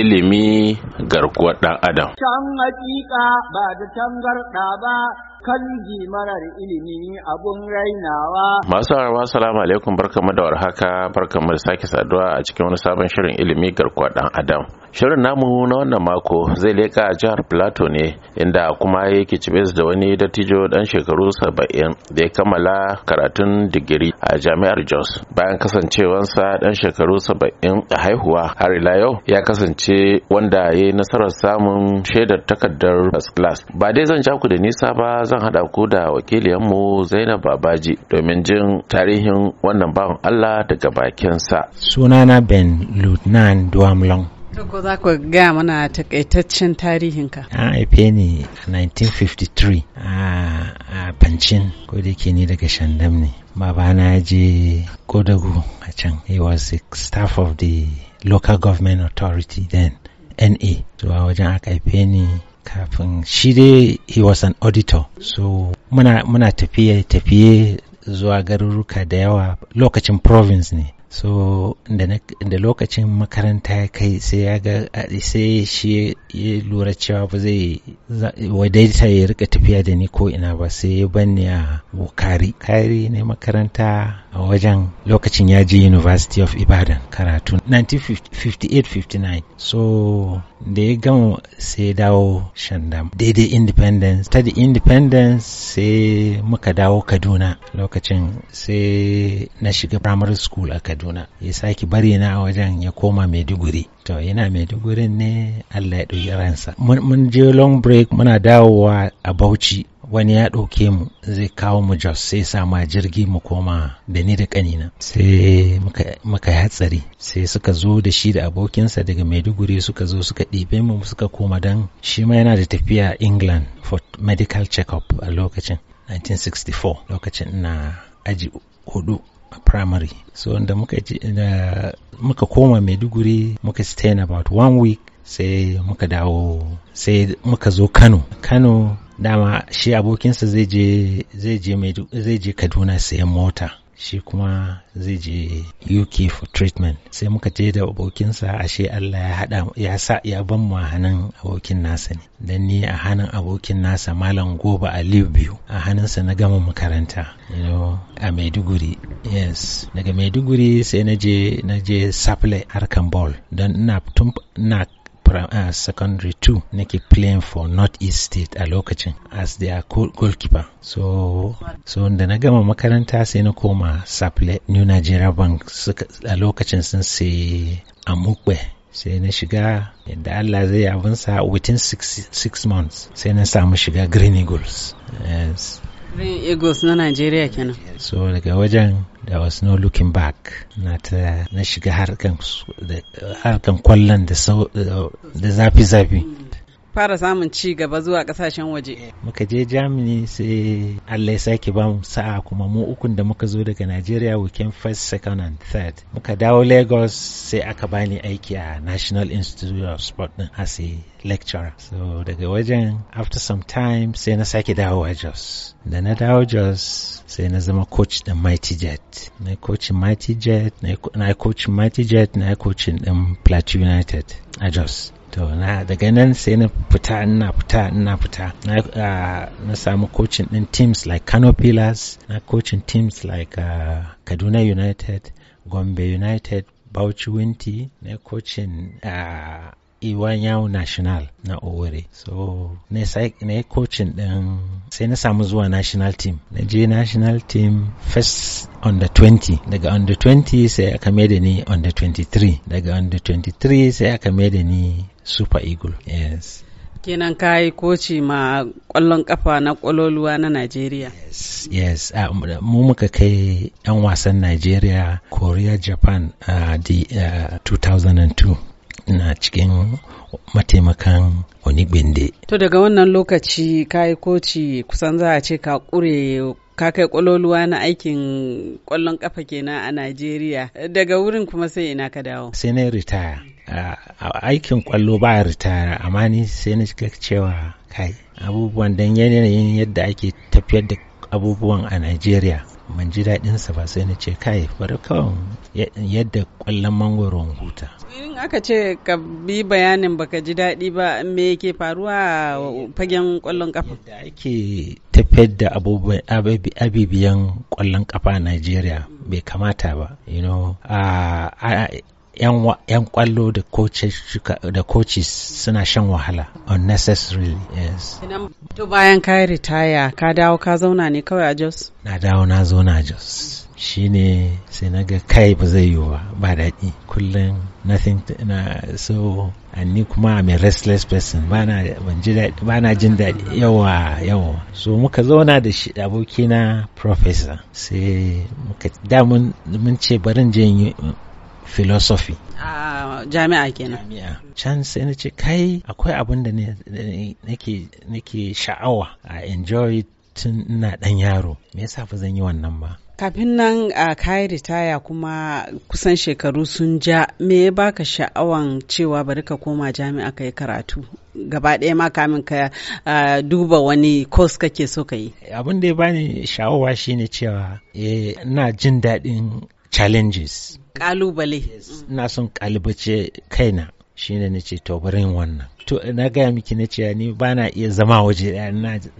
ilimi garkuwar ɗan adam. Can hakika ba da tangarɗa ba kanji marar ilimi abun rainawa. Masu harawa salamu alaikum barkamu da warhaka barkamu da sake saduwa a cikin wani sabon shirin ilimi garkuwar ɗan adam. shirin namu na wannan mako zai leka jihar plateau ne inda kuma yake cibes da wani dattijo dan shekaru saba'in da ya kammala karatun digiri a jami'ar jos bayan kasancewansa dan shekaru saba'in da haihuwa har ila yau ya kasance wanda ya yi nasarar samun shaidar takardar first class ba dai zan ja ku da nisa ba zan hada ku da wakiliyanmu zainab babaji domin jin tarihin wannan bawan allah daga bakinsa sunana ben lutnan duamlong Togo za ku gaya mana takaitaccen tarihinka. An haife ni a 1953 a Pancin ko da ke ni daga Shandam ne. Babana ya je Kodagu a can. He was the staff of the local government authority then, NA. So a wajen aka haife ni kafin shi dai he was an auditor. So muna tafiye-tafiye zuwa garuruka da yawa lokacin province ne. so da lokacin makaranta ya kai sai ya ga sai shi ya lura cewa ba zai wadaita ya rika tafiya da ni ko ina ba sai ya banni a bukari kari ne makaranta a wajen lokacin ya je University of Ibadan karatu 1958-59 so da ya gama sai dawo Shandam daidai Independence ta Independence sai muka dawo Kaduna lokacin sai na shiga primary school a Kaduna ya sake bari na a wajen ya koma Maiduguri to yana Maiduguri ne Allah ya ɗauki ransa mun je long break muna dawowa a Bauchi wani ya ɗauke mu zai kawo mu jos sai sa ma jirgi mu koma da ni da kanina sai muka yi hatsari sai suka zo da shi da abokinsa daga maiduguri suka zo suka ɗibe mu suka koma don shi ma yana da tafiya england for medical check-up a lokacin 1964 lokacin na aji hudu a primary so da muka koma maiduguri muka stay in about one week sai muka dawo sai muka zo kano kano dama shi abokinsa zai je kaduna sayan mota shi kuma zai je uk for treatment sai muka je da abokinsa ashe allah ya hada ya sa ya ban mu a hannun abokin nasa ne dan ni a hannun abokin nasa malam goba aliyu biyu a hannunsa na gama makaranta you know, a maiduguri yes daga maiduguri sai na je na je harkan ball don ina Primary a uh, Secondary 2 nake playing for North East State a lokacin as their goalkeeper. So, so da na gama makaranta sai na koma Saple New Nigeria Bank a lokacin sun sai mukwe sai na shiga yadda Allah zai yi abinsa within six, six months sai na samu shiga Green Eagles. Eagles na Najeriya kenan. So daga wajen da was no looking back na ta na shiga harkan kwallon da zafi-zafi. fara samun ci gaba zuwa kasashen waje. Muka je Germany sai Allah ya sake ba mu sa'a kuma mu ukun da muka zo daga Nigeria we came first, second and third. Muka dawo Lagos sai aka bani aiki a National Institute of Sport din as a lecturer. So daga wajen after some time sai na sake a Jos. Da na dawo Jos sai na zama coach din Mighty Jet. Na coach Mighty Jet, na coach Mighty Jet, na coach din Plateau United a Jos. to na daga nan sai na fita ina fita ina fita na ah, na samu coaching din teams like Kano Pillars na coaching teams like uh, Kaduna United Gombe United Bauchi Winti na coaching ah, Iwanyawu National na Owerri. So, na yi coaching ɗin sai na samu zuwa national team. Na je national team first under 20. Daga under 20 sai aka da ni under 23. Daga under 23 sai aka da ni Super Eagle. Yes. kenan ka yi koci ma kwallon kafa na kwaloluwa na Najeriya. Yes, yes. Uh, mu muka kai 'yan wasan Najeriya, Korea, Japan a uh, the uh, 2002. ina cikin mataimakan wani gbende. to daga wannan lokaci ka yi koci kusan za a ce ka kure ka kai kwaloluwa na aikin kwallon kafa kenan a najeriya daga wurin kuma sai ina ka dawo sai na ritaya aikin kwallo ba ritaya amma ni sai na cewa kai abubuwan don yanayin yadda ake tafiyar da abubuwan a najeriya ban ji daɗinsa ba sai na ce kai bari kawai yadda kwallon mangoro huta in aka ce ka bi bayanin baka ji daɗi ba me yake faruwa a fagen kwallon kafa da ake tafiyar da abubuwan kwallon kafa a Najeriya bai kamata ba you know yan kwallo da coaches suna shan wahala unnecessarily yes to bayan ka ritaya ka dawo ka zauna ne kawai a jos na dawo na zauna a jos Shi ne sai na ga kai ba zai yi wa ba daɗi kullum nothing na so ni kuma I'm a restless person ba na jin daɗi yawa yawa so muka zauna da shi abokina professor sai muka damun mun ce barin yi uh, philosophy a jami'a kenan jami'a can sai na ce kai akwai abin da nake sha'awa a enjoy tun ina ɗan yaro me yasa ba zan yi wannan ba Kafin nan a kayi ritaya kuma kusan shekaru sun ja me ya baka sha'awan cewa bari ka koma jami'a ka yi karatu gaba ɗaya ma kamin ka duba wani kos kake so ka yi. Abin da ya bani sha'awa shine cewa eh, na jin daɗin challenges. Kalubale. Ina son kalibace kaina. shine na ce to wannan to na gaya miki na cewa ni bana iya zama waje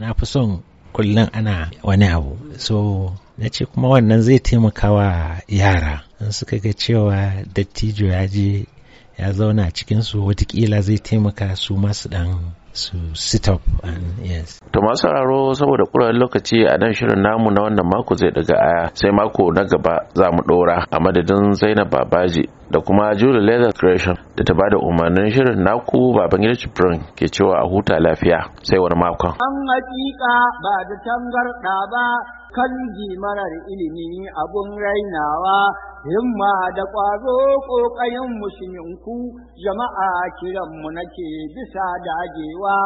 na fi son kullum ana wani abu so na ce kuma wannan zai taimaka wa yara in suka ga cewa dattijo ya je ya zauna cikin su watakila zai taimaka su masu dan su sit up and yes. To masu raro saboda kuran lokaci a nan shirin namu na wannan mako zai daga aya sai mako na gaba za mu dora a madadin Zainab Babaji da kuma Julie Leather Creation da ta bada umarnin shirin naku baban gida ke cewa a huta lafiya sai wani makon. An ba da tangarda ba kanji marar ilimi abun rainawa himma da ƙwazo ƙoƙarin musulminku jama'a kiranmu nake bisa dagewa